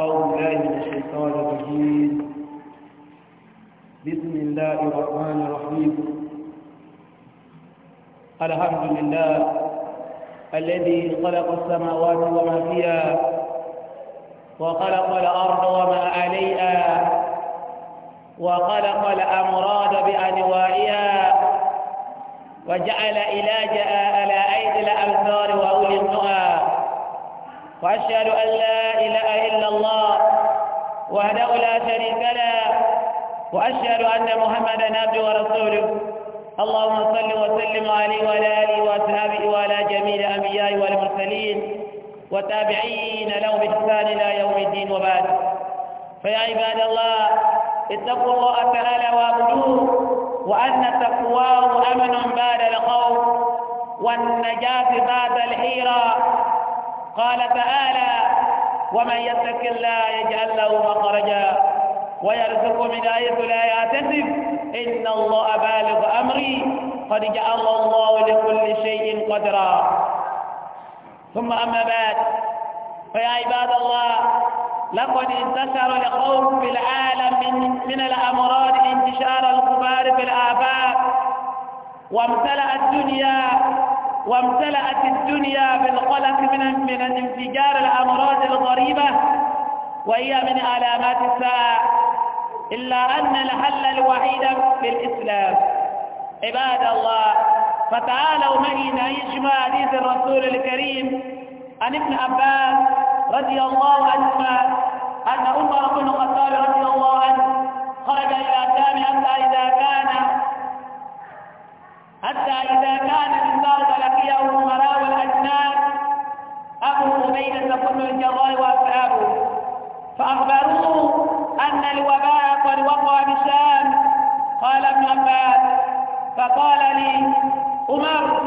أعوذ بالله من الشيطان الرجيم بسم الله الرحمن الرحيم الحمد لله الذي خلق السماوات وما فيها وخلق الأرض وما عليها وخلق الأمراض بأنواعها وجعل علاجها على أيدي الأبصار وأولي النهى وأشهد أن لا إله إلا الله وحده لا شريك له وأشهد أن محمدا عبده ورسوله اللهم صل وسلم عليه وعلى آله وأصحابه وعلى جميع الأنبياء والمرسلين وتابعين لهم بإحسان إلى يوم الدين وبعد فيا عباد الله اتقوا الله تعالى وأبدوه وأن تقواه أمن بعد الخوف والنجاة بعد الحيرة قال تعالى ومن يتق الله يجعل له مخرجا ويرزق من ايه لا يعتزف ان الله بالغ امري قد جعل الله لكل شيء قدرا ثم اما بعد فيا عباد الله لقد انتشر الخوف في العالم من, من الامراض انتشار الكبار في الافاق وامتلأ الدنيا وامتلأت الدنيا بالقلق من من انفجار الأمراض الغريبة وهي من علامات الساعة إلا أن الحل الوحيد في الإسلام عباد الله فتعالوا معي نعيش مع حديث الرسول الكريم عن ابن عباس رضي الله عنهما أن عمر بن الخطاب رضي الله عنه خرج إلى الشام حتى إذا كان حتى إذا كان الإنسان لقيه الأمراء والأجناد أبو أمينة بن الجراح وأصحابه فأخبروه أن الوباء قد وقع بالشام قال ابن عباس فقال لي عمر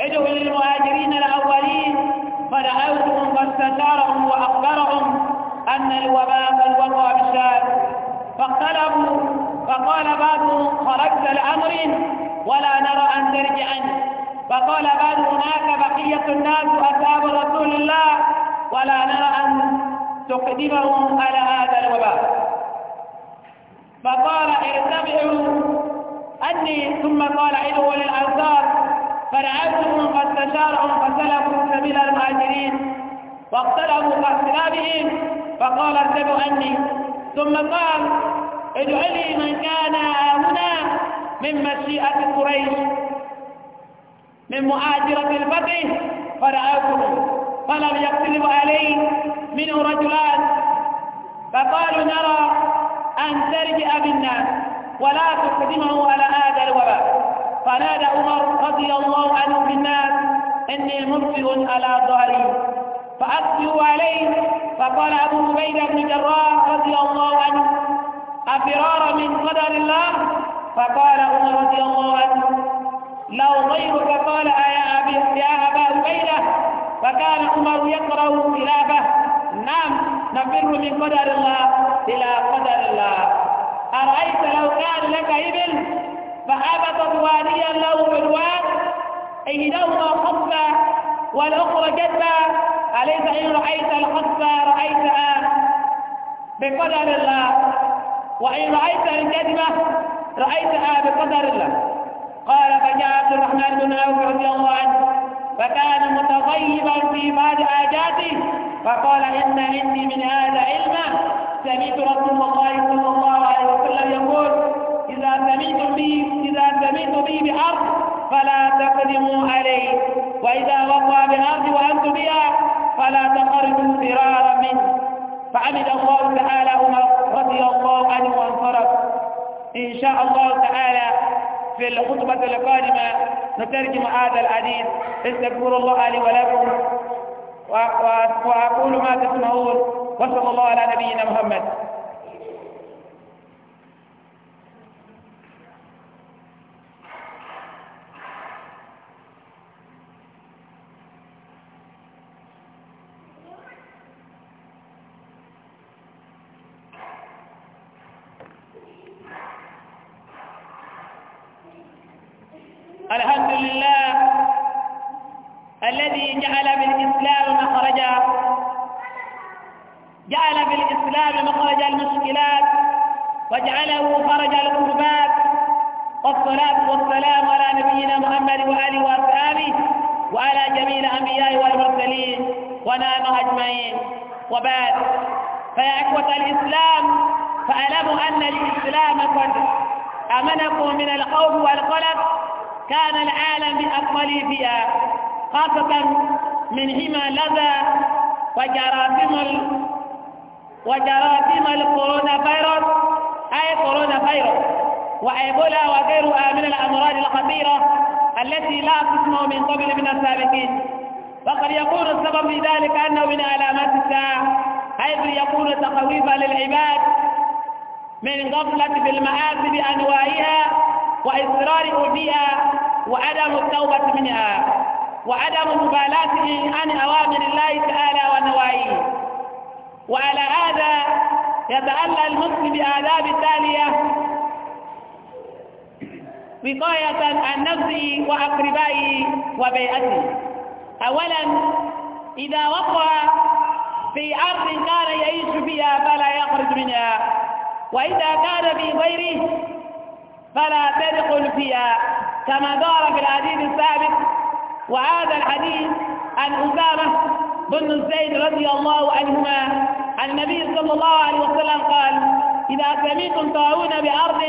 ادعو للمهاجرين الأولين فدعوتهم فاستشارهم وأخبرهم أن الوباء قد وقع بالشام فاختلفوا فقال بعضهم خرجت لأمر ولا نرى أن ترجع عنه فقال بل هناك بقية الناس أصحاب رسول الله ولا نرى أن تقدمهم على هذا الوباء فقال ارتبعوا أني ثم قال عدوا للأنصار فرعبتهم فاستشارهم فسلكوا سبيل المهاجرين واقتربوا باختلافهم فقال ارتبعوا أني ثم قال ادعوا لي من كان هنا من مشيئة قريش من مؤاجرة الفتح فرآكم فلم يقترب عليه منه رجلان فقالوا نرى أن ترجع بالناس ولا تقدمه على هذا الوباء فنادى عمر رضي الله عنه بالناس إني مرسل على ظهري فأقبلوا عليه فقال أبو عبيدة بن جراح رضي الله عنه أفرارا من قدر الله فقال عمر رضي الله عنه لو غيرك قال يا أبي يا أبا أبيلة فكان عمر يقرأ خلافه نعم نفر من قدر الله إلى قدر الله أرأيت لو كان لك إبل فهبطت واديا له بالواد إحداهما خفة والأخرى جدا أليس إن رأيت الخفة رأيتها بقدر الله وإن رأيت الجدمة رأيتها آه بقدر الله قال فجاء عبد الرحمن بن عوف رضي الله عنه فكان متغيبا في بعض حاجاته فقال إن عندي من هذا علما سمعت رسول الله صلى الله عليه وسلم يقول إذا سمعتم بي إذا سمعتم بي بأرض فلا تقدموا عليه وإذا وقع بالأرض وأنتم بها فلا تقربوا فرارا منه فعمد الله تعالى عمر رضي الله عنه وانصرف إن شاء الله تعالى في الخطبة القادمة نترجم هذا الحديث استغفر الله لي ولكم وأقول ما تسمعون وصلى الله على نبينا محمد وجراثيم ال... وجراثيم الكورونا فيروس أي كورونا فيروس وإيبولا وغيرها من الأمراض الخطيرة التي لا تسمع من قبل من السابقين وقد يكون السبب في ذلك أنه من علامات الساعة حيث يكون تخويفا للعباد من غفلة بالمآسي بأنواعها واصرار اوديها وعدم التوبة منها وعدم مبالاته عن أوامر الله تعالى ونواهيه وعلى هذا يتألى المسلم بآداب التالية وقاية عن نفسه وأقربائه وبيئته أولا إذا وقع في أرض كان يعيش فيها فلا يخرج منها وإذا كان في غيره فلا تدخل فيها كما دار في الحديث السابق وهذا الحديث عن أسامة بن زيد رضي الله عنهما عن النبي صلى الله عليه وسلم قال إذا سمعتم طاعون بأرض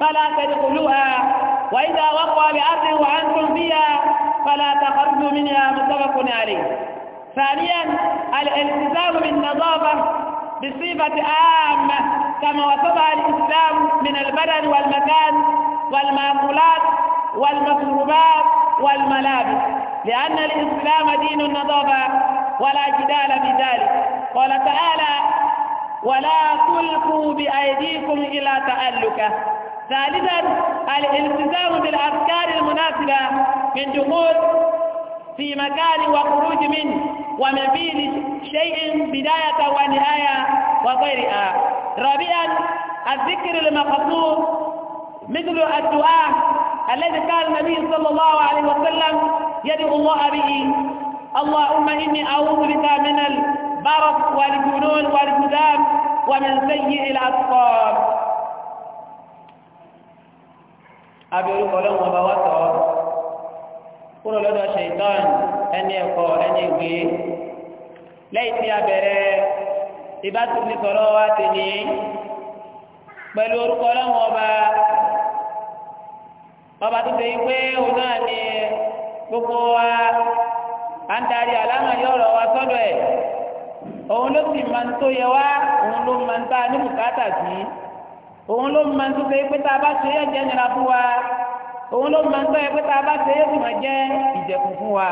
فلا تدخلوها وإذا وقع بأرض وأنتم فيها فلا تخرجوا منها متفق عليه ثانيا الالتزام بالنظافة بصفة عامة كما وصفها الإسلام من البلد والمكان والمأكولات والمشروبات والملابس لأن الإسلام دين النظافة ولا جدال في ذلك قال تعالى ولا تلقوا بأيديكم إلى تألك ثالثا الالتزام بالأذكار المناسبة من دخول في مكان وخروج منه ومن فيه شيء بداية ونهاية وغيرها رابعا الذكر المقصود مثل الدعاء الذي كان النبي صلى الله عليه وسلم يدعو الله به اللهم إني أعوذ بك من البرد والجنون والجذام ومن سيء الأسقام أبي أقول لهم وبواتهم kúrò lọ́dọ̀ ṣèitán ẹni ẹ̀kọ́ ẹni ìgbé lẹ́yìn tí a bẹ̀rẹ̀ ìbátúndì بل wa ti ní ọba tó ṣe pé òun náà ni gbogbo wa à ń darí àlámọ̀yé ọ̀rọ̀ wa sọ́dọ̀ ẹ̀ òun ló sì máa ń tó yẹ wá òun ló máa ń tá a ní bùkátà sí òun ló máa ń tó ṣe pé tá a bá ṣe yẹ jẹ́ nira fún wa òun ló máa ń tó yẹ pé tá a bá ṣe yẹ sì máa jẹ́ ìjẹ̀kùn fún wa.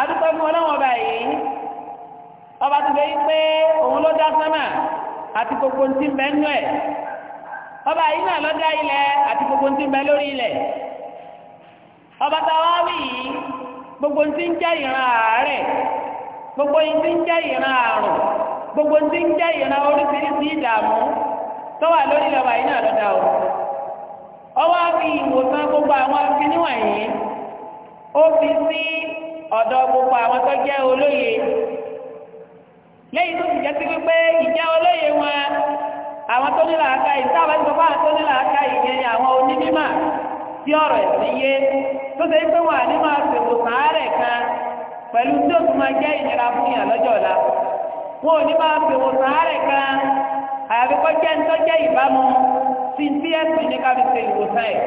adúgbò fún ọlọ́wọ́n ọba ọba tó ṣe pé òun ló dá sánmà àti gbogbo ti bẹ́ẹ̀ ẹ̀. ọba yìí náà ló dá ilẹ̀ àti gbogbo ti ń lórí ilẹ̀ ọba táwa wí gbogbo ti ń jẹ́ ìran ààrẹ gbogbo ti ń jẹ́ ìran ààrùn gbogbo ti ń jẹ́ ìran oríṣiríṣi ìdààmú tó wà lórí ilẹ̀ ọba yìí náà o fi ìwòsàn gbogbo àwọn ó fi sí ọ̀dọ̀ gbogbo àwọn tó jẹ́ olóye lẹ́yìn tó ti jẹ́ sí ìjẹ́ olóye wọn. àwọn tó ní làákà yìí táwọn ẹni bàbá tó ní làákà yìí yẹn ni àwọn onímímà tí ọ̀rọ̀ ẹ̀sìn yé tó ṣe pé wà ní máa ṣètò sàárẹ̀ kan pẹ̀lú tí ó tún máa jẹ́ ìnira fún yàn lọ́jọ́ ọ̀la wọn ò ní máa ṣètò sàárẹ̀ kan àyàfi kọ́ jẹ́ ń tọ́jẹ́ ìbámu sí tí ẹ̀sìn ní ká fi ṣe ìwòsàn ẹ̀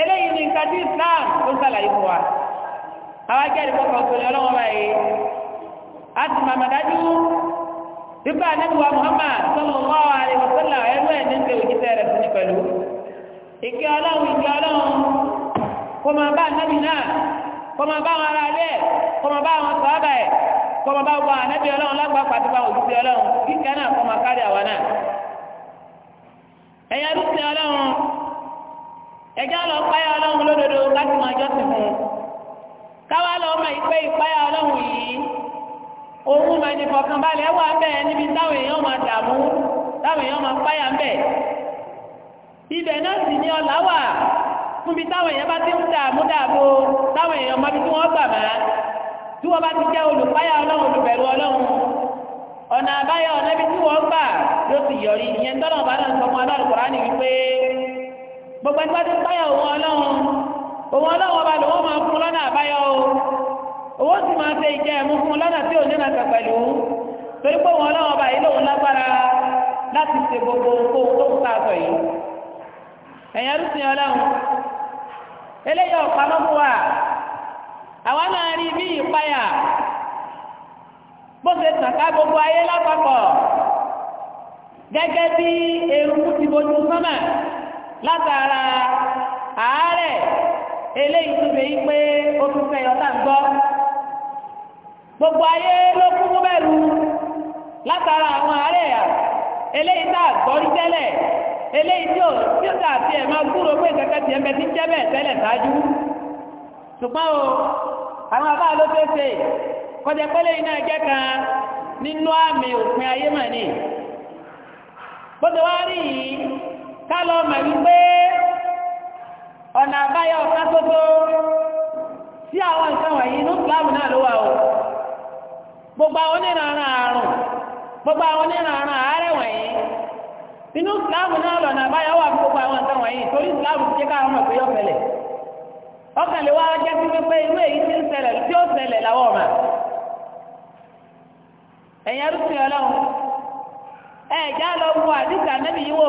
eléyìí ni nǹkan tí Islam tó ṣàlàyé fún wa àwọn ajẹ́rìí kọ́kọ́ bíbá anábìwá Muhammad sallallahu alaihi wa sallam ẹrú ẹ̀ ní ń tẹ̀wé jíṣẹ́ rẹ̀ fún ní pẹ̀lú ìkẹ́ ọlọ́run ìkẹ́ ọlọ́run kó máa bá anábì náà kó máa bá wọn ara rẹ̀ kó máa bá wọn sọ́ọ́bà ẹ̀ kó máa bá wọn anábì ọlọ́run lágbà pàtó bá òjúṣe ọlọ́run kíkẹ́ náà kó máa kárí àwa náà ẹ̀yà rúṣẹ́ ọlọ́run ẹ̀já lọ páyà ọlọ́run lódodo láti máa jọ́sìn fún un káwá lọ́ọ́ òun máa ní fọkànbalẹ̀ wà bẹ́ẹ̀ níbi táwọn èèyàn máa dààmú táwọn èèyàn máa páyà bẹ́ẹ̀ ibẹ̀ náà sì ní ọlá wà fúnbi táwọn èèyàn bá ti ń táwọn èèyàn tí wọ́n gbà má tí wọ́n bá ti jẹ́ olùpáyà ọlọ́run olùbẹ̀rù ọlọ́run ọ̀nà àbáyọ ọ̀nà ibi tí wọ́n gbà ló ti yọrí ìyẹn tọ́nà náà sọ fún wípé gbogbo ti páyà òun ọlọ́run òun ọlọ́run ọba lòun máa fún lọ́nà àbáyọ owó ma máa fẹ́ ìjẹ́ ẹ̀mú fún lọ́nà tí ò ní nàkà pẹ̀lú torí pé wọn lọ́wọ́ báyìí lòun lágbára láti ṣe gbogbo ohun tó ń sáàtọ̀ yìí ẹ̀yìn arúgbìn ọlọ́run eléyìí ọ̀pá mọ́kù wà àwa náà rí bí ìpayà bó ṣe tàn ká gbogbo ayé lápapọ̀ gẹ́gẹ́ bí eruku ti bojú sọ́mà látara àárẹ̀ eléyìí tó fi yí pé ó tún fẹ́ gbogbo ayé ló kún fún bẹ̀rù látara àwọn ààrẹ yà eléyìí tá a gbọ́ tẹ́lẹ̀ eléyìí tí ó tí ó tà sí ẹ̀ máa gbúrò pé kẹ́kẹ́ tiẹ̀ ti jẹ́ bẹ́ẹ̀ tẹ́lẹ̀ ṣùgbọ́n o àwọn àbá ló kan nínú àmì òpin ayé mà ní wá rí yìí ká lọ wípé ọ̀nà tó tó sí àwọn gbogbo àwọn oníranran àrùn gbogbo àwọn oníranran àárẹ̀ wọ̀nyí inú ìsìláàmù náà lọ̀nà àbáyọ wà fún gbogbo àwọn nǹkan wọ̀nyí torí ìsìláàmù ti jẹ́ káwọn ọmọ ìpéyọ̀ fẹlẹ̀ ọkàn lè wá jẹ́ sí pé èyí ti ń tí ó ọ̀mà ọlọ́run lọ yìí wò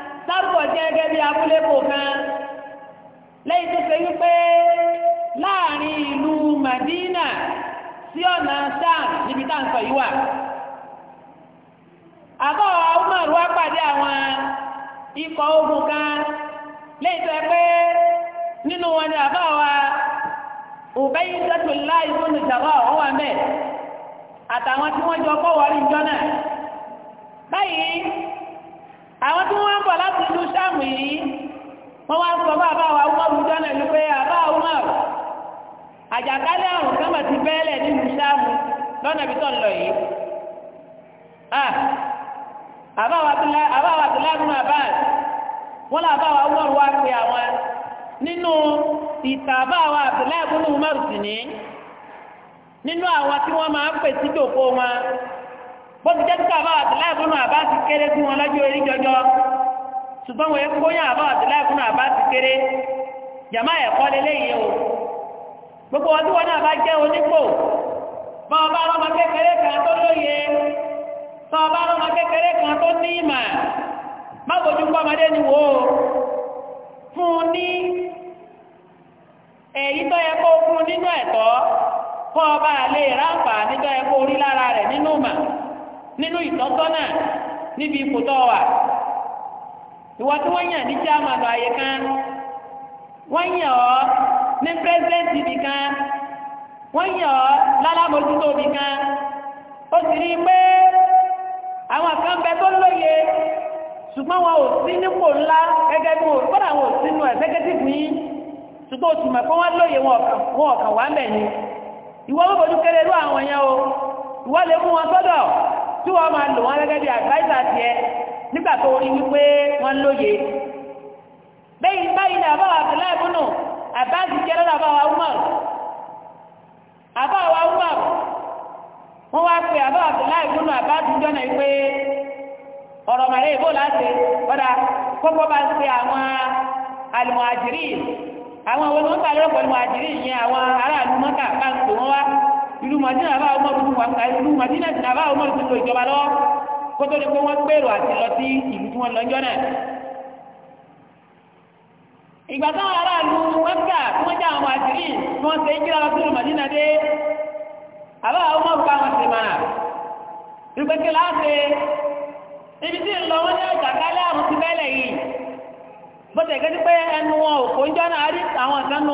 sábọ̀ jẹ́ gẹ́gẹ́ bí abúlé kò kan lẹ́yìn tó ṣe wípé láàrin ìlú Madina sí ọ̀nà sam níbi tá ń sọ yìí àbọ̀ pàdé àwọn ikọ̀ ogun kan lẹ́yìn tó pé nínú wọn ni àbọ̀ wa òbẹ́yìn sẹ́tù láì fún ìjàmbá ọ̀hún mẹ́ àtàwọn tí àwọn tí wọ́n ń bọ̀ láti ìlú sáàmù yìí wọ́n wá sọ bá àbá wa wọ́n rújọ́ náà ní pé àbá ọmọ àjàkálẹ̀ àrùn kan ti bẹ́ẹ̀lẹ̀ nílùú sáàmù lọ́nà ibi tó ń lọ yìí àbá wa tó lágùn àbá wọ́n làbá wa wọ́n wá pé àwọn nínú ìtàbá wa àbúláìbùnú márùsì ní nínú àwọn tí wọ́n máa ń pè sí ìdòkó wọn bó ti jẹ́ tó àbá àtìláì fún ti kéré fún wọn lọ́jọ́ orí jọjọ ṣùgbọ́n wọ́n kó yàn àbá àtìláì fún ti kéré o gbogbo ọdún wọn náà bá jẹ́ onípò bá ọba ọmọ kékeré kan tó lóye bá ọba ọmọ kékeré kan tó ní má bójú kọ́ ọmọdé ni wò ó fún un ní èyí tó yẹ kó fún un nínú ẹ̀tọ́ kọ́ ọba àlè nígbà nínú ìtọ́sọ́nà níbi ipò tó wà ìwọ tí wọ́n yàn ní chairman ààyè kan wọ́n yàn ọ́ ní president ibì kan wọ́n yàn ọ́ lálámójútó ibì kan ó sì rí i pé àwọn kan bẹ tó lóye ṣùgbọ́n wọn ò sí nípò ńlá gẹ́gẹ́ bí wọn kọ́dà wọn ò sí nù executive ní ṣùgbọ́n ni bójú kéré lú àwọn yẹn o lè mú wọn sọ́dọ̀ tí wọ́n máa lò wọ́n gẹ́gẹ́ bí àgbáyìsà tiẹ̀ nígbà tó rí wípé wọ́n lóye bẹ́yìn báyìí ní àbáwà abdullahi bùnú àbáàsì jẹ́ lọ́dọ̀ àbáwà umar àbáwà umar wọ́n wá pé àbáwà abdullahi bùnú àbáàsì jọ́ náà wípé ọ̀rọ̀ màrẹ́ ìbò láti ọ̀dà kókó bá ń pe àwọn alùmọ̀ àjírí àwọn olóńgbà lọ́pọ̀ alùmọ̀ àjírí yẹn àwọn aráàlú mọ́ta bá ń pè wọ́n wá ìlú madina bá ọmọ tuntun wà ká ìlú madina bá ọmọ tuntun lò ìjọba lọ kótó ni pé wọ́n gbèrò àti lọ sí ìlú tí wọ́n lọ jọ náà. ìgbà táwọn aráàlú mẹ́ta tí wọ́n já àwọn àṣírí tí wọ́n ṣe ìjìlá lọ sí ìlú madina dé àbá ọmọ òkú àwọn ṣe mọ̀nà ìgbẹ́kẹ̀ láti ibi tí ń lọ wọ́n ní ọjà kálẹ̀ àrùn ti bẹ́lẹ̀ yìí bó tẹ̀ gẹ́gẹ́ pé ẹnu wọn òkú ń jọ náà rí àwọn ìsánú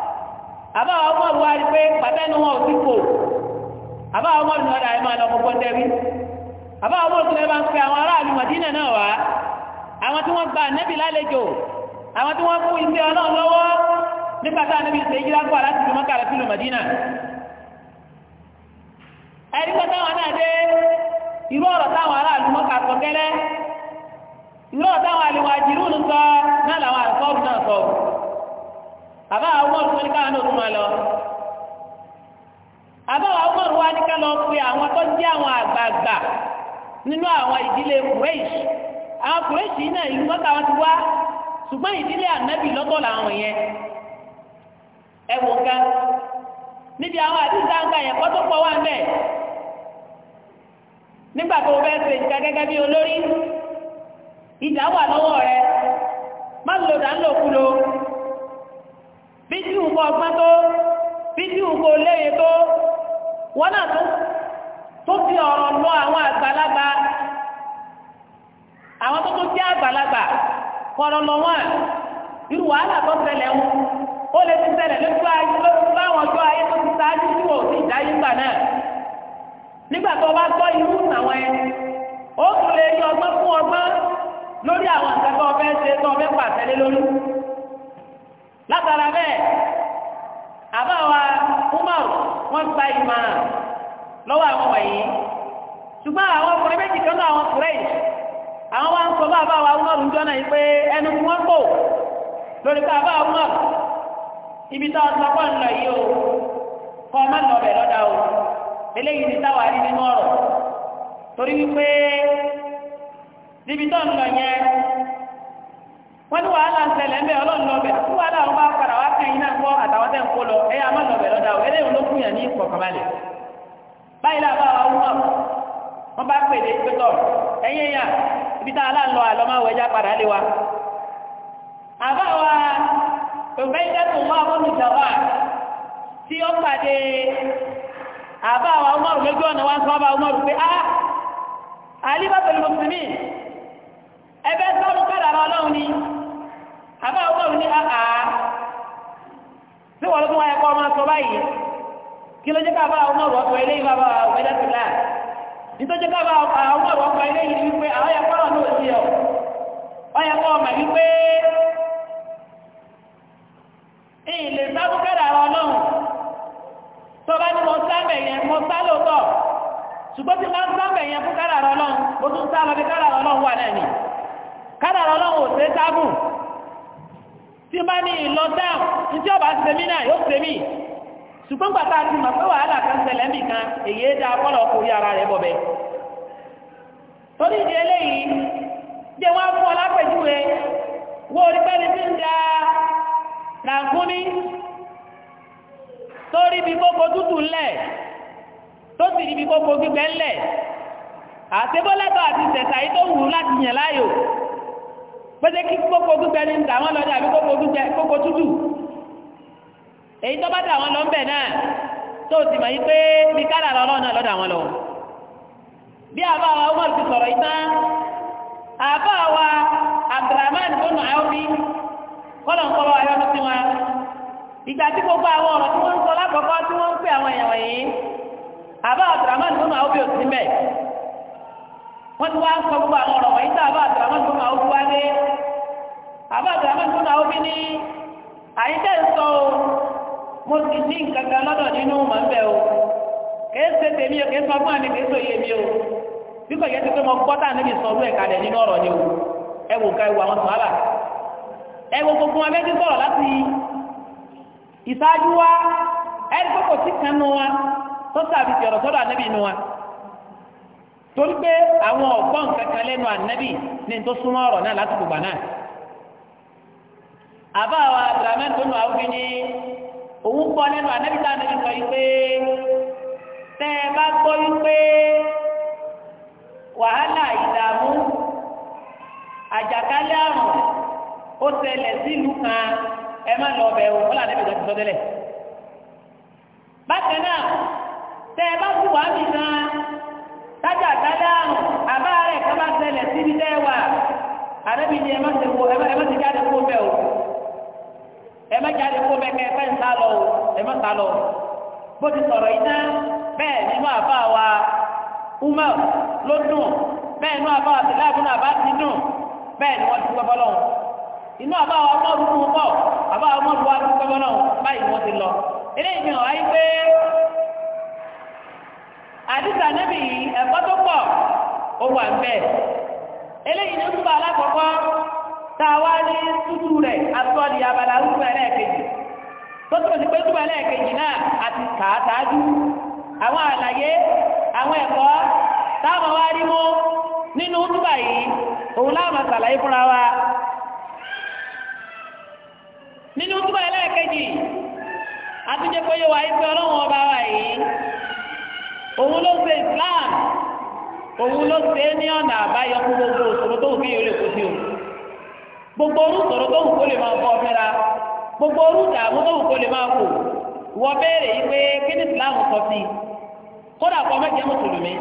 àbáwọn ọmọ ìwà pé pàtẹ́nu wọn ò sí kò ọmọ tẹ́rí ọmọ ń pe àwọn aráàlú Màdínà náà wá àwọn tí wọ́n gba ànẹ́bì lálejò àwọn tí wọ́n fún iṣẹ́ ọlọ́run lọ́wọ́ nípa tá ànẹ́bì ṣe yíra láti fi ẹni pẹ́ táwọn náà dé irú ọ̀rọ̀ táwọn aráàlú mọ́kà sọ gẹ́lẹ́ irú àbá àwọn ọmọ òṣèlú káwọn náà ma máa lọ àbá àwọn ọmọ òṣèlú wa ní ká lọ pe àwọn tó jẹ́ àwọn àgbààgbà nínú àwọn ìdílé kùrẹ́ìṣì àwọn kùrẹ́ìṣì náà ìlú mọ́ta wọn ti wá ṣùgbọ́n ìdílé ànábì lọ́tọ̀ làwọn yẹn níbi àwọn yẹn kọ́ tó pọ̀ wá nígbà tó o tí nǹkan ọgbọ́n tó bí tí nǹkan olóye tó wọ́n náà tó tó fi ọ̀rọ̀ lọ àwọn àgbàlagbà àwọn tó tó jẹ́ àgbàlagbà kọ̀ọ̀rọ̀ lọ wọ́n irú wàhálà tó ṣẹlẹ̀ ń ó lè ti ṣẹlẹ̀ lójú ayé lójú láwọn ọjọ́ ayé tó ti tí dáyé gbà náà nígbà tó bá látara bẹ́ẹ̀ àbáwa Umar wọ́n gba ìmọ̀ràn lọ́wọ́ àwọn wọ̀nyí ṣùgbọ́n àwọn ọkùnrin méjì kan náà àwọn kùrẹ́yì àwọn wa ń sọ bá àbáwa Umar ń jọ́nà yìí pé ẹnu wọn kò lórí pé àbáwa Umar ibi tá a sọ pọ̀ ń lọ yìí o kọ́ ọ má lọ bẹ̀ lọ́dà o eléyìí ti táwa rí nínú ọ̀rọ̀ torí wípé níbi tó ń lọ yẹn wọ́n ní wàhálà ń ṣẹlẹ̀ ń bẹ̀ ọlọ́run lọ́bẹ̀ tí wàhálà wọn bá padà wá kẹ́yìn náà gbọ́ àtàwọn tẹ́ ń kó lọ ẹ̀yà má lọ́bẹ̀ lọ́dà ọ̀ eléyìí ló kúnyàn ní ìfọ̀kànbalẹ̀ báyìí làbá wa wú náà wọ́n bá pè dé pé tọ̀ ẹ̀yìn yà ibi tá a lá ń lọ àlọ́ máa wọ ẹja padà lé wa. àbá wa òfin dẹ́kun wá fún ìjọba tí ó pàdé àbá wa umaru lójú ọ̀nà wa ń sọ ẹbẹ sọrọ kádàrá Ọlọ́run ni àbá àwọn ọmọ ní àhà tí wọ́n tún wáyé kọ́ ọmọ sọ báyìí kí ló jẹ́ ká bá àwọn ọmọ ọ̀pọ̀ eléyìí bá bá àwọn ẹ̀dá sí láà nítorí ká bá àwọn ọmọ ọ̀pọ̀ eléyìí ni wípé àwọn ẹ̀kọ́ náà ló sí ọ ọyẹ kọ́ ọmọ wípé ilé sábúkẹ́dà rọ náà tó bá ní mo sábẹ̀ yẹn mo sá ni kádàrá Ọlọ́run ò tí n bá ní ìlọ dáhùn ní tí ọba ti tẹ̀mí náà yóò tẹ̀mí ṣùgbọ́n gbàtà ti mọ̀ pé wàhálà kan ṣẹlẹ̀ mì kan èyí dá kọ́lọ̀ kó yára rẹ̀ bọ̀ bẹ́ẹ̀. torí ìdí eléyìí jẹ́ wọ́n fún ọ lápẹ̀júwe wọ́n orí pẹ́ni tí ń da ràǹkúní torí ibi kókó tútù ńlẹ̀ tó sì ibi kókó gbígbẹ́ ńlẹ̀ àti àti tẹ̀sà pẹ́sẹ́ kí kókó ní wọ́n lọ àbí kókó kókó tútù èyí tó bá dà wọ́n lọ ń bẹ̀ náà tó o sì mọ̀ lọ. bí àbá wa Umar ti sọ̀rọ̀ yìí tán àbá wa Abdulrahman tó nà áwọn kọ́lọ̀ ń ayọ́ ìgbà tí gbogbo àwọn ọ̀rọ̀ tí wọ́n ń sọ tí wọ́n ń pè àwọn èèyàn wọ̀nyí àbá Abdulrahman tó nà áwọn wọ́n ti wá sọ gbogbo àwọn ọ̀rọ̀ wọ̀nyí tá àbá àdùrámọ́n tó máa ó wá dé àbá àdùrámọ́n tó máa ó bí ní sọ o mo ti ní nǹkan kan lọ́dọ̀ nínú mọ̀ bụ o kèé ṣe tèmi o kèé sọ fún kèé sọ mi o bí kò yẹ ti pé mo gbọ́ tá sọ ọdún nínú ọ̀rọ̀ ni o ẹ wò ká ewu àwọn ẹ wọn bẹ́ẹ̀ ti sọ̀rọ̀ láti ìṣáájú wa kókò sí kan wa tó torí pé àwọn ọ̀gbọ́n kankan lẹ́nu ànábì ní tó súnmọ́ ọ̀rọ̀ náà láti gbogbo náà àbá àwọn abdulhamid tó nù àwùjọ ni òun gbọ́ lẹ́nu ànábì tá ànábì sọ yìí pé tẹ́ ẹ bá gbọ́ yìí pé wàhálà ìdààmú àjàkálẹ̀ àrùn ó ṣẹlẹ̀ sílùú kan ẹ má lọ bẹ̀ wọ́n là tó ti sọ tẹ́lẹ̀ bákan náà tẹ́ ẹ bá kú wàá kájàkálá àrùn àbá rẹ̀ kan bá ṣẹlẹ̀ síbi tẹ́ wà àdébí ni ẹ má ti wo ẹ má ti jáde kó bẹ́ẹ̀ o ẹ má jáde kó bẹ́ẹ̀ kẹ́ ẹ fẹ́ ń sá lọ o ẹ má sá lọ o bó ti sọ̀rọ̀ yìí tán bẹ́ẹ̀ nínú àbá wa umar ló dùn bẹ́ẹ̀ nínú àbá wa tìlá àbá ti dùn bẹ́ẹ̀ ni wọ́n ti gbọ́ bọ́lọ́ inú àbá wa ọmọ ọdún pọ̀ àbá wa ọmọ ọdún wa ti gbọ́ bọ́lọ́ àdìsá níbi ẹ̀kọ́ tó pọ̀ ó wà ń bẹ̀ eléyìí ní alákọ̀ọ́kọ́ ní tútù rẹ̀ ẹlẹ́ẹ̀kejì tó tó ti pé ẹlẹ́ẹ̀kejì náà àti àwọn àlàyé àwọn ẹ̀kọ́ táwọn wá rí mú nínú yìí òun láwọn fúnra wa nínú túbọ̀ ẹlẹ́ẹ̀kejì àtúnjẹ́pẹ́ yóò wáyé òun ló ṣe islam òun ló ṣe ní ọ̀nà àbáyọ fún gbogbo òṣòro tó lè kó o gbogbo orú sọ̀rọ̀ tó wùkọ́ lè máa kọ́ gbogbo orú ìdààmú tó wùkọ́ lè máa kò wọ́n béèrè yìí pé kí ni islam sọ sí i kódà kọ́ mẹ́jẹ mùsùlùmí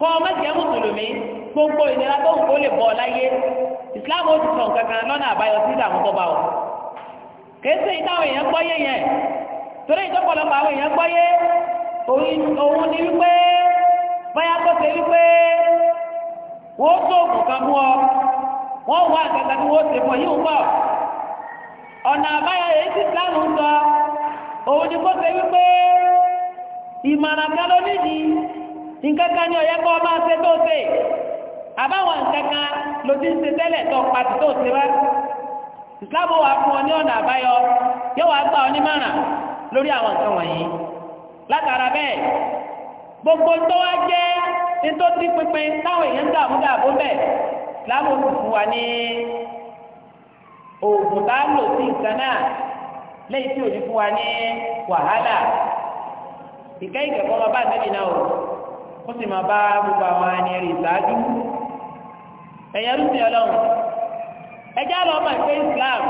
kọ́ mẹ́jẹ mùsùlùmí gbogbo ìnira tó wùkọ́ lè bọ̀ láyé islam ó ti sọ lọ́nà àbáyọ sí ìdààmú tó bá kèésì ìtàwọn èèyàn gbọ́yé yẹn òun ni wípé báyà tó ṣe wípé wọ́n tó oògùn mú ọ wọ́n wá àgbàgbà tí wọ́n ṣe mọ̀ yíò pọ̀ ọ̀nà àbáyọ èyí ń sọ òun ni kó ṣe wípé ìmọ̀ràn kan ló nǹkan kan ní ọ̀yẹ́ kọ́ ọ máa ṣe tó ṣe àbáwọn nǹkan kan ló ti ń ṣe tẹ́lẹ̀ tó tó ṣe wá wà fún ọ ní ọ̀nà àbáyọ yóò wá gbà látara bẹ́ẹ̀ gbogbo tó wá jẹ́ nítorí pínpín táwọn èèyàn ń dààmú dààbò bẹ́ẹ̀ lábòrò fún wa ní oògùn tá a lò sí nǹkan náà lẹ́yìn tí ò ní fún wa ní wàhálà ìkẹ́ ìkẹ́kọ̀ọ́ máa bá àtẹ́bí náà o ó sì máa bá gbogbo àwọn ẹni ìsáájú ẹ̀yẹ rúbí ọlọ́run ẹjẹ́ àlọ́ ọmọ ìpé Islam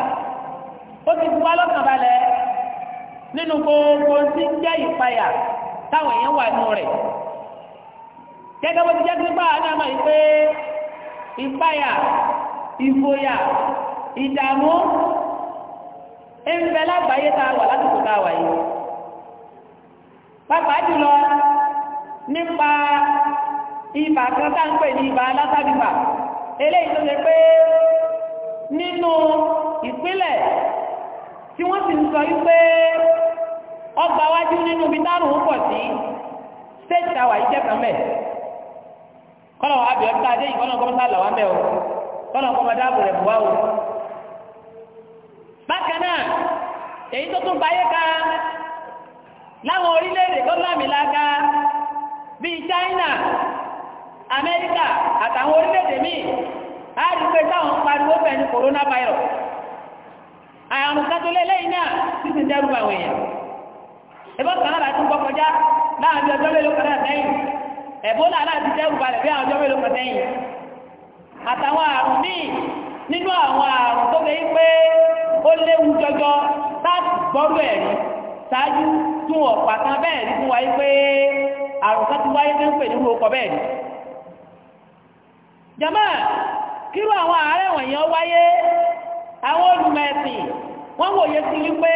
ó ti fún wa lọ́kàn balẹ̀ nínú gbogbo tí ń jẹ́ ìpayà táwọn èèyàn wà nù rẹ̀ gẹ́gẹ́ bó ti jẹ́ pípa náà mọ̀ pé ìpayà ìfòyà ìdààmú ń lágbàáyé tá wà lásìkò tá wà yìí pàápàá jùlọ nípa kan tá tí wọ́n sì ń sọ wípé ọgbà wájú nínú ibi táàrùn ó pọ̀ sí stage tower yìí jẹ́ kan mẹ́ kọ́nà wàá bẹ̀rẹ̀ tá a dé yìí kọ́mọ́tà làwọn mẹ́ o kọ́nà kọ́mọ́ dáàbò rẹ̀ bùwá o. bákan náà èyí tó tún báyé ká láwọn orílẹ̀-èdè tó lámìlága bíi China Amẹ́ríkà àtàwọn orílẹ̀-èdè míì á rí i pé táwọn pariwo bẹ̀ coronavirus. àrùn kátólé lẹ́yìn náà títí dẹ́rù àwọn èèyàn kan láti gbọ́ kọjá láàrin ọjọ́ mélòó kan náà sẹ́yìn elu láti dẹ́rù balẹ̀ bí àwọn ọjọ́ mélòó kan sẹ́yìn àtàwọn àrùn míì nínú àwọn àrùn tó pé ó léwu jọjọ láti gbọ́rú ẹ̀rí ṣáájú tún ọ̀pá kan bẹ́ẹ̀ rí àwọn olùmọ̀ẹ̀sìn wọ́n wòye sí wípé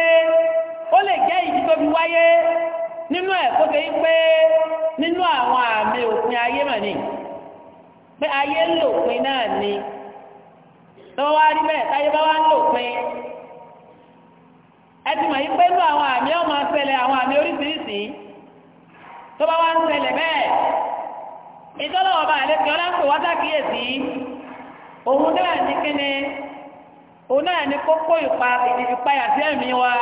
ó lè jẹ́ ìdí tó fi wáyé nínú ẹ̀ kó ṣe pé nínú àwọn àmì òpin ayé mà ní pé ayé ń lòpin náà ni lọ́wọ́ wá rí bẹ́ẹ̀ táyé bá wá ń lòpin ẹ ti mọ̀ yí pé nínú àwọn àmì ọmọ ṣẹlẹ̀ àwọn àmì oríṣiríṣi tó bá wá ń ṣẹlẹ̀ bẹ́ẹ̀ àlejò òun náà ni kókó ìpayà sí ẹ̀mí wa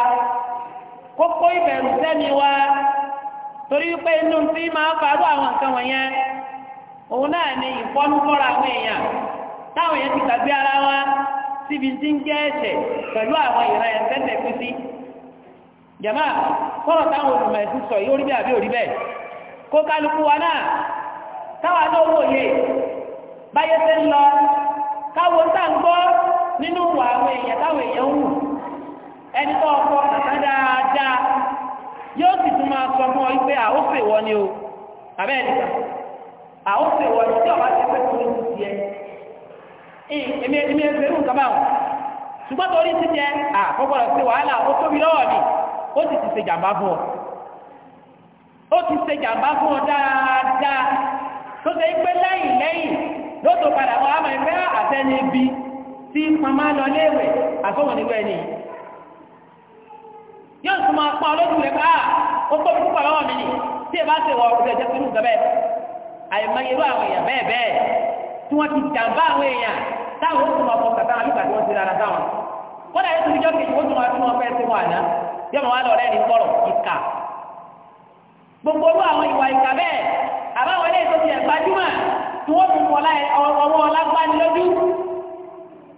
kókó ìbẹ̀rù sẹ́mi wa torí pé inú tí máa farú àwọn nǹkan wọ̀nyẹn òun náà ni ìfọ́nukọ́ra àwọn èèyàn táwọn èèyàn ti gbàgbé ara wa síbi tí ń jẹ́ ẹ̀ṣẹ̀ pẹ̀lú àwọn ìran ẹ̀sẹ̀sẹ̀ kú sí jàmá kọ́rọ̀ táwọn olùmọ̀ ẹ̀sìn sọ yóò rí àbí òrí bẹ́ẹ̀ kó kálukú wa náà táwa náà wòye báyé ṣe ń lọ ń gbọ́ nínú wà àwọn èèyàn táwọn èèyàn ń wù ẹni tó ọkọ kàkà dáadáa yóò sì tún máa sọ fún ọ wípé àófè wọ ni o àbẹ́ẹ̀ nìkan àófè wọ ni tí ọba ti pẹ́ tó lóṣù tiẹ̀ èmi èmi ẹgbẹ́ ìrùn kaba wọn ṣùgbọ́n torí ti jẹ àkọ́gbọ́dọ̀ sí wàhálà ó tóbi lọ́wọ́ mi ó sì ti ṣe jàǹbá fún ọ ó ti ṣe jàǹbá fún ọ dáadáa tó ṣe pé lẹ́yìn lẹ́yìn lóòótọ́ padà wọn á máa fẹ́ àtẹni bíi tí màmá lọ léèwẹ̀ àfọwọ̀n nígbà ẹni yóò tún máa pa olójú rẹ̀ pé ah ó kó mi púpọ̀ lọ́wọ́ mi nì tí ẹ bá ṣe wọ ọkùnrin ẹ̀jẹ̀ sínú ìgbà bẹ́ẹ̀ àìmọye irú àwọn èèyàn bẹ́ẹ̀ bẹ́ẹ̀ tí wọ́n ti jàǹbá àwọn èèyàn táwọn ó tún máa fọ kàtà àbíkà tí wọ́n ti rárá táwọn kódà yóò tún fi jọ́ kejì ó tún máa tún wọn fẹ́ sí wọn àná yóò máa wá lọ rẹ́ni kọ̀rọ̀ ìkà gbogbo olú àwọn ìwà ìkà bẹ́ẹ̀ àbáwọn ilé ìtòsí ẹ̀ gbajúmọ̀ tí wọ́n tún fọ ọwọ́ ọlágbánilójú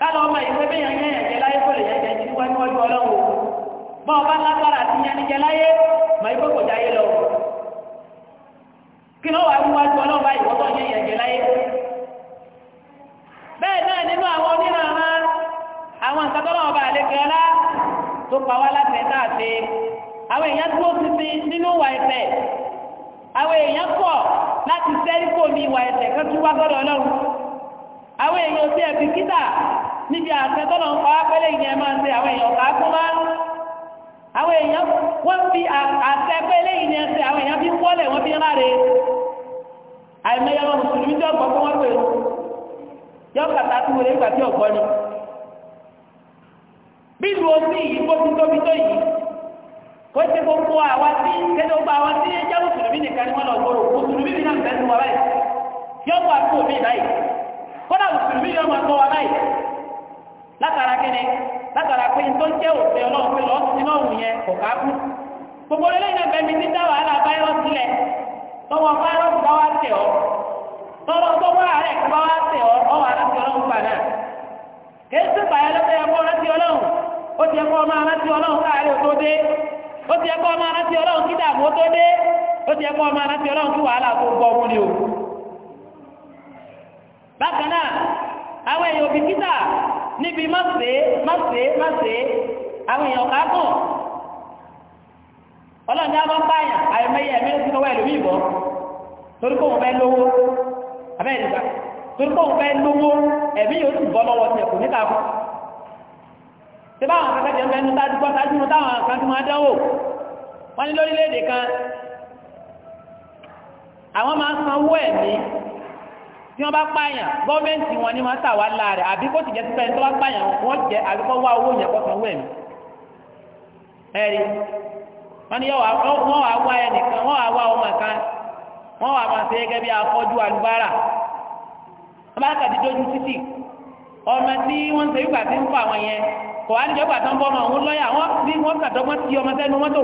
kálọ̀ ọmọ àwọn èèyàn ti láti sẹ́ríkò ní ìwà ẹ̀ṣẹ̀ kan tún wá gbọ́dọ̀ ọlọ́run àwọn èèyàn níbi àṣẹ tọ́lọ̀ ń pa ápẹ́lẹ̀ ìyẹn máa ń ṣe àwọn èèyàn kà fún máa àwọn èèyàn wọ́n fi àṣẹ pẹ́lẹ̀ ìyẹn ṣe àwọn èèyàn fi wọ́lẹ̀ wọ́n fi ráre àìmọye wọn mùsùlùmí tí ọgbọ́n fún wọn pè ó yọ kàtà tí wọlé ìgbà tí ọgbọ́n ni bí ìlú òsì yìí kó ti tóbi tó yìí kó ti gbogbo àwa tí kéde gbogbo àwa tí ẹjẹ mùsùlùmí nìkan ni wọn lọ gbòòrò mùsùlùmí mi náà bẹ́ẹ̀ ti wà báyìí yọ wà tó mi báyìí kódà mùsùlùmí yọ máa tó wa báyìí látara kíni látara pé tó ń jẹ́ òfin ọlọ́run pé lọ́ọ́ sínú ọ̀hún yẹn kò ká kú gbogbo ilé iná bẹ̀mí ti dá wàhálà fáírọ́ọ̀sì lẹ̀ tọwọ́ fáírọ́ọ̀sì bá wá tẹ̀ ọ́ tọwọ́ tọwọ́ ààrẹ bá wá tẹ̀ ọ́ ọwọ́ aláti ọlọ́run gbà náà kìí sí bàyá lọ́tẹ̀ ẹ̀kọ́ aláti ọlọ́run ó ti ẹ̀kọ́ ọmọ aláti ọlọ́run káàárẹ̀ ó tó dé ó ti ẹ̀kọ́ ọmọ aláti ọlọ́run kí dààmú ó tó dé ó ti ẹ̀kọ́ ọmọ aláti ọlọ́run kí wàhálà tó gbọ́ ọmọ ni o bákan náà àwọn èèyàn òbí níbi má ṣe má ṣe má ṣe àwọn èèyàn ká gùn ọlọ́run ní àwọn báyàn àyẹ̀mẹ́yẹ ẹ̀mí ló ti lọ́wọ́ ẹlòmíì bọ́ torí kóun fẹ́ lówó abẹ́rẹ́ nígbà torí kóun fẹ́ lówó ẹ̀mí yóò sì bọ́ lọ́wọ́ tiẹ̀ kò níta fún ṣé báwọn akẹ́kẹ́ jẹ́ ń bẹ́ẹ̀ níta dúpọ́ sáájú mu táwọn kan ti máa dánwò wọ́n ní lórílẹ̀-èdè kan àwọn máa sanwó ẹ̀mí tí wọ́n bá pààyàn gọ́ọ̀mẹ́ǹtì wọn ni máa tàwa láàrẹ àbí kó sì jẹ́ sípẹ́ tó bá pààyàn wọ́n jẹ́ àbí kó wá owó yẹn kọ́sán wẹ̀mí ẹ̀rí wọ́n ni wọ́n wá wá ẹnìkan wọ́n wá wá ọmọ kan wọ́n wá máa ṣe gẹ́gẹ́ bí afọ́jú alubára wọ́n bá kàdí dójú títì ọmọ tí wọ́n ń ṣe yúgbà tí ń fọ àwọn yẹn kò wá níjọ́ gbà tó ń bọ́ ọmọ òun lọ́yà wọ́n bí wọ́n kàdọ́gbọ́n ti ọmọ sẹ́nu mọ́tò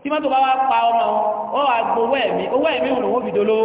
tí mọ́tò bá wá pa ọmọ wọn wọ́n wá gbowó ẹ̀mí owó ẹ̀mí òun lòun fi dolówó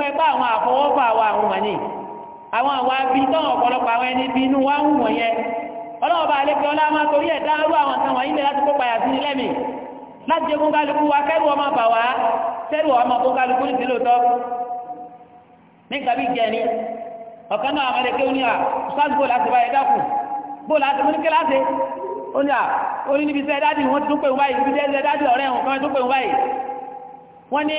pẹ́ bá àwọn àfọwọ́fà wa àwọn wọ̀nyí àwọn àwọn abí tọ́wọ̀n ọ̀pọ̀lọpọ̀ àwọn ẹni bí inú wa ń wọ̀n yẹn ọlọ́ọ̀bà alẹ́kẹ́ ọlá máa torí ẹ̀dá rú àwọn kan wọ̀nyí láti kó payà sí ilẹ̀ mi láti jẹ́ kó kálukú wa kẹ́rù ọmọ bà wá kẹ́rù ọmọ kó kálukú ní sílò tọ́ nígbà bí jẹni ọ̀kan náà àwọn ẹ̀kẹ́ oníyà ṣáàtì bóòlù àti báyìí dákù bóòlù àti múnikẹ́láṣẹ́ oníyà orí níbi sẹ́dáàdì wọ́n ti tún pè wáyìí níbi sẹ́dáàdì ọ̀rẹ́ wọn tún pè wáyìí wọ́n ní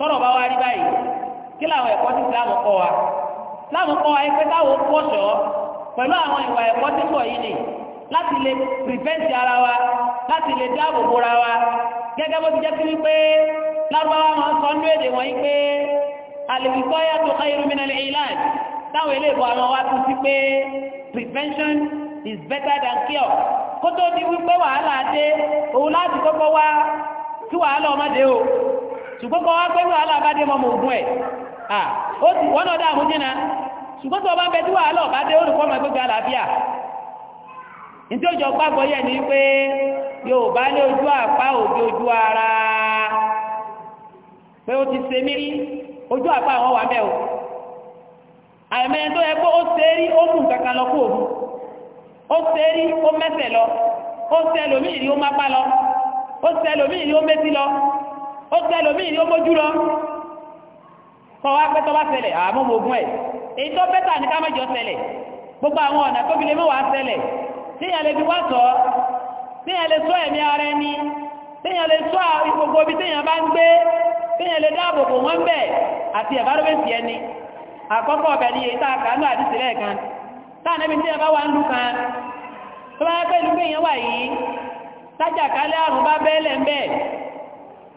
tọ́rọ̀ bá wá rí báyìí kí làwọn ẹ̀kọ́ tí ìsìlámù kọ́ wa ìsìlámù kọ́ wa ẹgbẹ́ táwọn kọ́ṣọ́ pẹ̀lú àwọn ìwà ẹ̀kọ́ tí pọ̀ yìí nì láti lè pìrìfẹ́ǹtì ara wa láti lè dáàbò bora wa gẹ́gẹ́ bó ti jẹ́ sí wípé lárúbáwá máa ń sọ ní èdè wọ̀nyí pé àlèkùkọ́ yàtọ̀ khairu min al-ilaj táwọn ilé ìbò àwọn wa tún sí pé prevention is better than cure kó tó di wípé wàhálà dé òun láti kọ́kọ́ wá kí wàhálà ọmọdé o ṣùgbọ́n kọ́ wá pẹ́lú alábàdé mọ́mọ ògùn ẹ̀ ó ti wọ́n náà dáàmú dínà ṣùgbọ́n tó bá bẹ tí wàhálà ọ̀bá dé olùkọ́ ọmọ ẹgbẹ́gbẹ́ àlàáfíà ní ojú ọgbà gbọ́yẹ ni pé Yorùbá ní ojú àpá òjò ojú ara pé ó ti ṣe mí ojú àpá àwọn o tó yẹ pé ó ṣe rí ó mú kankan o ó ṣe lọ ó ṣe ẹlòmíì ó lọ ó ṣe ẹlòmíì lọ ó gbé ẹlòmíì ní ó mójú lọ kọ́ wá pẹ́ tó bá ṣẹlẹ̀ àmọ́ mo gún ẹ̀ èyí tó bẹ́tà ní ká mẹ́jọ ṣẹlẹ̀ gbogbo àwọn ọ̀nà tóbi lè mẹ́wàá ṣẹlẹ̀ téèyàn lè fi wá sọ téèyàn lè sọ ẹ̀mí ara ẹni téèyàn lè sọ gbogbo ibi téèyàn bá ń gbé téèyàn lè dáàbò bò wọ́n bẹ̀ àti ẹ̀bárọ́bẹ̀sì ẹni àkọ́kọ́ ọ̀bẹ̀ tá a kà ń lọ àdìsí lẹ́ẹ̀kan táànẹ́bí tí ẹ bá wà ń lú kan tó bá pẹ́ lú pé èèyàn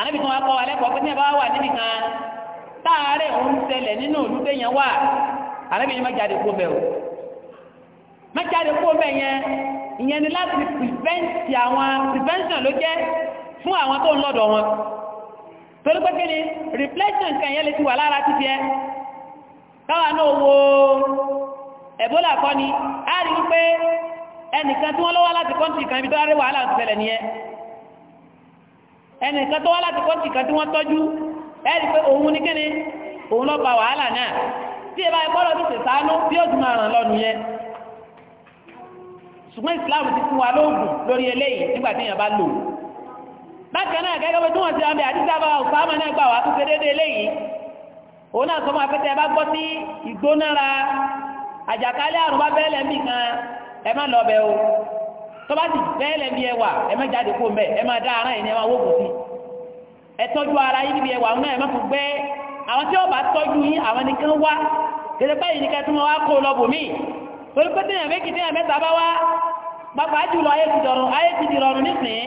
ànábì kan wá kọ́ wa lẹ́kọ̀ọ́ pé tí ẹ bá wà níbi kan táàárẹ̀ òun ṣẹlẹ̀ nínú òlú téèyàn wà ànábì yẹn má kó bẹ́ẹ̀ o kó bẹ́ẹ̀ yẹn ìyẹn ni láti prevent àwọn prevention ló jẹ́ fún àwọn tó ń lọ́dọ̀ wọn torí pé kíni reflection kan yẹn lè ti wà lára títí ẹ káwa náà wo Ebola kọ́ ni a rí i pé ẹnìkan tí wọ́n lọ́wọ́ láti kọ́ńtì kan ibi tó rárẹ̀ wàhálà ti ṣẹlẹ̀ nìyẹn ẹnìkan tó wá láti kọ́ọ̀tì kan tí wọ́n tọ́jú ẹ̀rí pé òun ní kíni òun lọ́ọ́ wàhálà náà tí ẹ bá ẹ gbọ́dọ̀ tètè sánú bí òtún máa ràn lọ́nu yẹn ṣùgbọ́n ìsìláàmù ti fún wa lóògùn lórí eléyìí nígbà tí èèyàn bá lò bákan náà gẹ́gẹ́ bí wọ́n ti rán bí àdísá bá ọ̀sáàmù náà gbà wá tó ṣe déédéé eléyìí òun náà sọ bá gbọ́ sí ìgbónára àjàkálẹ̀ àrùn bá tọ́ba ti bẹ́ẹ̀lẹ̀ bí ẹwà ẹ má jáde kó mbẹ ẹ má dá ara yìí ni ẹ má wó gùn sí ẹ tọ́jú ara yìí bí ẹwà náà ẹ má fún gbẹ́ àwọn tí wọ́n bá tọ́jú yín àwọn nìkan wá gẹ́gẹ́ báyìí nìkan tí wọ́n wá kó lọ bòmí torí pé téèyàn méjì téèyàn mẹ́ta bá wá pàpà jùlọ ayé ti dọ̀rùn ayé ti di rọrùn nísìnyí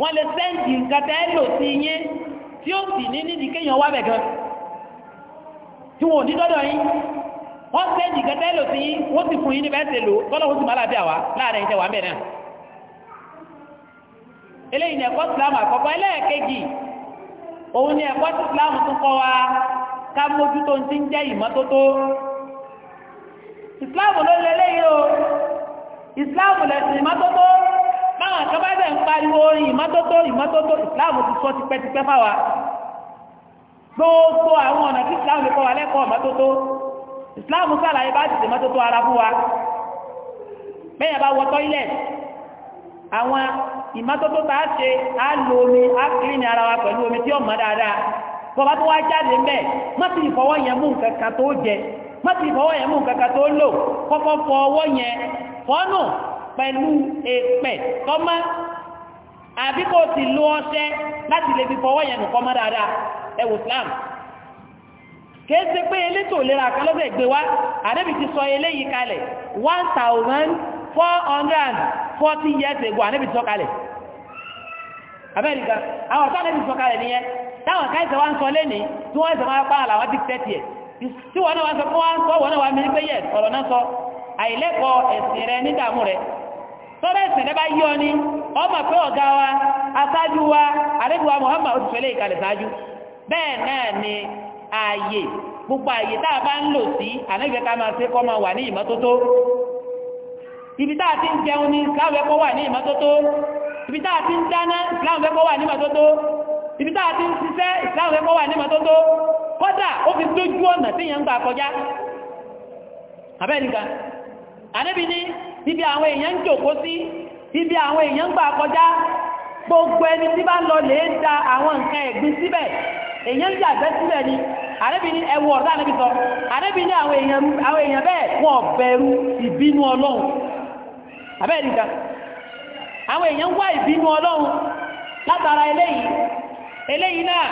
wọ́n lè sẹ́ǹdì nǹkan tẹ́ lò sí yín tí ó sì ní nídìí kéèyàn wá bẹ̀ gan tí wọn ò ní dọ́dọ̀ yín wọ́n ṣe nìkan tẹ́lò sí yín wọ́n ti fún yín ní bẹ́ẹ̀ ṣe lò tọ́lọ́ oṣù máa lábẹ́ àwa láàrin ìṣẹ́ wà mẹ́rin náà eléyìí ni ẹ̀kọ́ ìsìlámù àkọ́kọ́ ẹlẹ́ẹ̀kejì òun ni ẹ̀kọ́ ìsìlámù tún kọ́ wa ká mójútó ń ti ń jẹ́ ìmọ́tótó ìsìlámù ló lé léyìí o ìsìlámù lẹ̀sìn ìmọ́tótó báwọn àkọ́bẹ́sẹ̀ ń pariwo ìmọ́tótó ìmọ́tótó ìsìlámù ti sọ tipẹ́tipẹ́ fáwa gbogbo àwọn ọ̀nà tí ìsìlámù lè kọ́ wa lẹ́kọ̀ọ́ ìmọ́tótó islam sàlàyé bá ti tèmọ́tò tó ara fún wa bẹ́yà bá wọ toilet àwọn ìmọ́tótó tá a ṣe á lo omi á kiri ní ara wa pẹ̀lú omi tí ó mọ́ dáadáa bọ́ba tó wá jáde ń bẹ̀ má ti ìfọwọ́ yẹn mú nǹkan kan tó jẹ má ti ìfọwọ́ yẹn mú nǹkan kan tó lò kọ́kọ́ fọ ọwọ́ yẹn fọ́nù pẹ̀lú èèpẹ̀ tọ́mọ́ àbí kò sì lo ọṣẹ láti lè fi fọwọ́ yẹn nù kọ́mọ́ dáadáa ẹ Islam kìí ṣe pé elétò ìlera kan lọ́sẹ̀ gbé wá ti sọ eléyìí kalẹ̀ one thousand four years ago ti sọ kalẹ̀ amẹ́ríkà àwọn ọ̀tá ti sọ kalẹ̀ nìyẹn táwọn káìsẹ̀ wá ń ọ ni ọmọ pé ọ̀gá wa aṣáájú wa àlébùwà Muhammad ó ìkàlẹ̀ bẹ́ẹ̀ náà ni ààyè gbogbo ààyè tá a bá ń lò sí ànábì ká máa ṣe kó máa wà ní ìmọ́tótó ibi taa ti ń jẹun ní islam wà ibi taa ti ń dáná islam wà ní ìmọ́tótó ibi tá ti ń ṣiṣẹ́ islam wà ní ìmọ́tótó kódà ó fi dójú ọ̀nà tí yẹn ń gbà kọjá abẹ́nìkan ibi àwọn èèyàn ń jòkó ibi àwọn èèyàn ń gbà kọjá gbogbo ẹni tí bá lọ lè da àwọn nǹkan ẹ̀gbin síbẹ̀ èèyàn ń jà bẹ́ sílẹ̀ ni àrẹ́bí ẹwọ ọ̀dá àrẹ́bí sọ àrẹ́bí àwọn èèyàn bẹ́ẹ̀ wọ́n bẹ̀rù ìbínú ọlọ́run abẹ́ẹ̀ àwọn èèyàn wá ìbínú ọlọ́run látara eléyìí eléyìí náà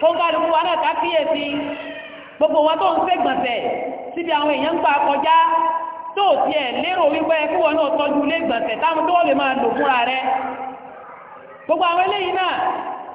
tó ń kálukú wa náà gbogbo wọn tó ń síbi àwọn èèyàn kọjá tó tiẹ̀ lérò wípé náà tọ́jú táwọn tó lè máa lò fúnra gbogbo àwọn eléyìí náà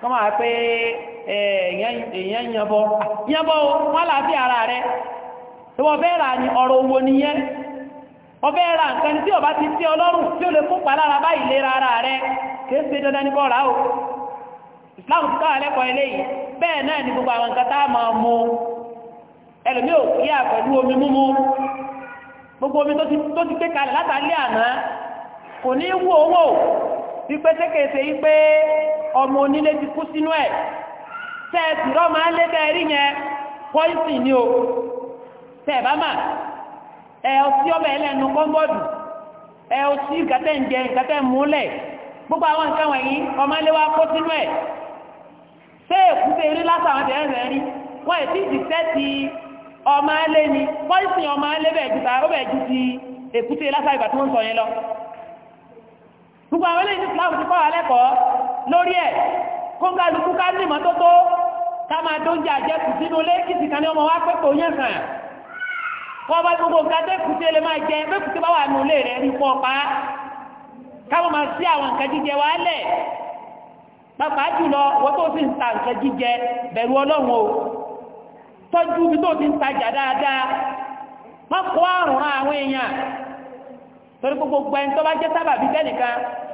kọ́mọ̀ pé èèyàn yanbọ yanbọ wọ́n láàbí ara rẹ̀ tí wọ́n bẹ́ẹ̀ ní ọ̀rọ̀ owó nìyẹn wọ́n bẹ́ẹ̀ nǹkan ọba ti tí ọlọ́rùn tí ó lè fún palára bá lera ara rẹ̀ kìí dandan ní bọ́ọ̀rá Islam ti lẹ́kọ̀ọ́ a gbogbo ọmọ onílé ti kú sínú ẹ̀ tẹ́ẹ̀tì rọ́ máa ń lé tẹ́ẹ̀rí yẹn pọ́ìsì ni o tẹ́ẹ̀bá mà ẹ ọtí ọbẹ̀ ẹlẹ́nu ẹ ọtí gàtẹ́ ń jẹ gàtẹ́ ń múlẹ̀ gbogbo àwọn nǹkan wọ̀nyí ọmọ wa kó sínú ẹ̀ ṣé rẹ̀ rí wọ́n ẹ̀ tí ti ọmọ ilé ni pọ́ìsì ọmọ ti èkúté látàwọn ìgbà tí ń sọ yẹn lọ gbogbo àwọn lórí ẹ̀ kóńkàlùkù ká ní ìmọ́tótó ká máa tó ń jẹ àjẹkù sínú ilé kìsì kan ní ọmọ wa pé kò yẹn hàn wọ́n bá gbogbo nǹkan tẹ́kù tí ẹlẹ́ máa jẹ mẹ́kù tí bá wà nù ilé rẹ̀ ní pọ̀ pa káwọn máa sí àwọn nǹkan jíjẹ wa lẹ̀ pàpà jùlọ wọ́n tó fi ń ta nǹkan jíjẹ bẹ̀rù ọlọ́run o tọ́jú bí tó ti ń tajà dáadáa má kó àrùn àwọn èèyàn torí gbogbo ẹni tó bá jẹ́ sábàbí tẹ́nìkan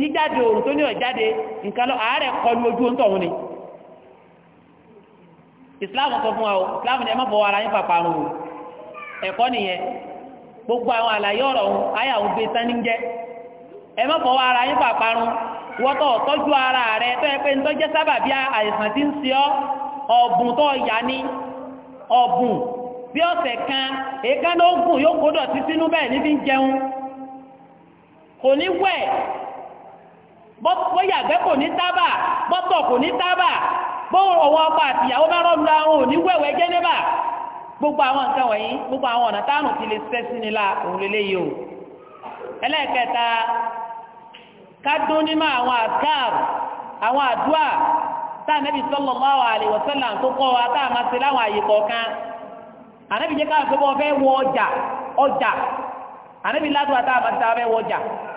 jíjáde òòrùn tó ní ọ̀jáde nǹkan lọ àárẹ̀ kọlu ojú ń tọ̀hún ni islam sọ fún wa o ni ẹ má bọ̀ ara yín pàpà àrùn o ẹ̀kọ́ nìyẹn gbogbo àwọn àlàyé ọ̀rọ̀ ọ̀hún ayé àwọn gbé sani ń jẹ́ ẹ má bọ̀ ara yín pàpà àrùn wọ́tọ̀ tọ́jú ara rẹ tó yẹ pé ń tọ́jẹ́ sábà bí àìsàn ti ń ṣe ọ́ ọ̀bùn tó yà ní ọ̀bùn bí ọ̀sẹ̀ kan èékánná ó gùn yóò kó dọ̀tí sínú bẹ́ẹ̀ níbi ń jẹun kò ní bọ́yàgbẹ́ kò ní tábà bọ́tọ̀ kò ní tábà bọ́wọ̀n ọwọ́ ọkọ̀ àtìyàwó bá rọ́dúnra ohun ní wẹ̀wẹ̀ jẹ́nẹ́bà gbogbo àwọn nǹkan wọ̀nyí gbogbo àwọn ọ̀nà táàrùn ti lè ṣẹ́ sí yìí o ẹlẹ́ẹ̀kẹta kádún àwọn àwọn àdúà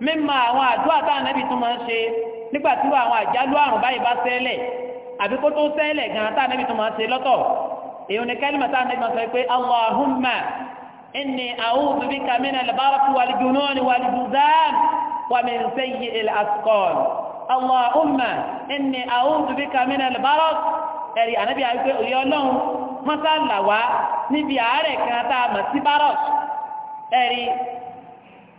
mímọ àwọn àdúrà táwọn anábì tún máa ń ṣe nígbà tí wọ́n àwọn àjálù àrùn báyìí bá ṣẹlẹ̀ àbí kó tó ṣẹlẹ̀ gan táwọn anábì tún máa ń ṣe lọ́tọ̀ èèyàn ní kẹ́lìmọ̀ táwọn anábì máa sọ pé Allahumma inni a'udhu bika minal barq wal junun wal juzam wa min sayyi'il asqal Allahumma inni a'udhu bika minal barq ẹ̀rì ànábì àwípé òye ọlọ́run mọ́sálà níbi àárẹ̀ kan tá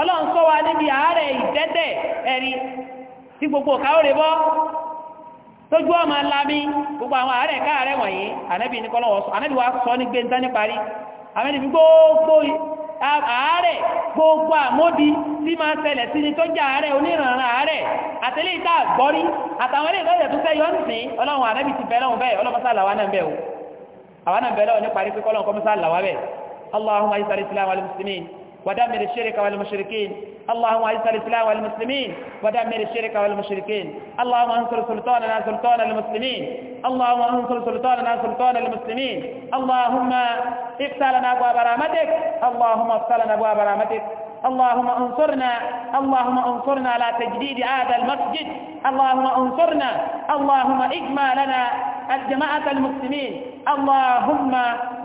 ọlọ́run sọ wa níbi àárẹ̀ ìdẹ́dẹ̀ ẹ̀rí tí gbogbo káwọ́rẹ́ bọ́ tójú ọmọ alámi gbogbo àwọn àárẹ̀ káàrẹ̀ wọ̀nyí ànábì ní kọ́lọ́wọ́ sọ ànábì wa sọ ní gbẹ̀ntán ní parí àmẹ́ni fi gbogbo àárẹ̀ gbogbo àmódi tí máa ṣẹlẹ̀ sí ni tó jẹ́ àárẹ̀ oníranran àárẹ̀ àtẹ́lẹ́ ìta àgbọ́rí àtàwọn ilé ìtọ́jẹ̀ tó fẹ́ yọ nìsín ọlọ́run ànábì ti bẹ̀rẹ̀ òun bẹ́ẹ̀ ọlọ́mọsá làwọn náà bẹ́ẹ̀ o àwọn náà bẹ̀rẹ̀ òun ní parí pé allahumma ayi sari silamu alimusimin ودمر الشرك والمشركين اللهم اعز الاسلام والمسلمين ودمر الشرك والمشركين اللهم انصر سلطاننا سلطان المسلمين اللهم انصر سلطاننا سلطان المسلمين اللهم افتح لنا ابواب رحمتك اللهم افتح لنا ابواب رحمتك اللهم انصرنا اللهم انصرنا على تجديد هذا المسجد اللهم انصرنا اللهم اجمع لنا الجماعة المسلمين اللهم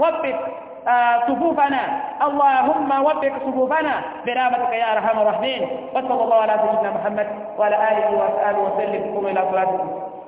وفق آه، صفوفنا اللهم وفق صفوفنا برحمتك يا ارحم الراحمين وصلى الله على سيدنا محمد وعلى اله وصحبه وسلم قوموا الى صلاتكم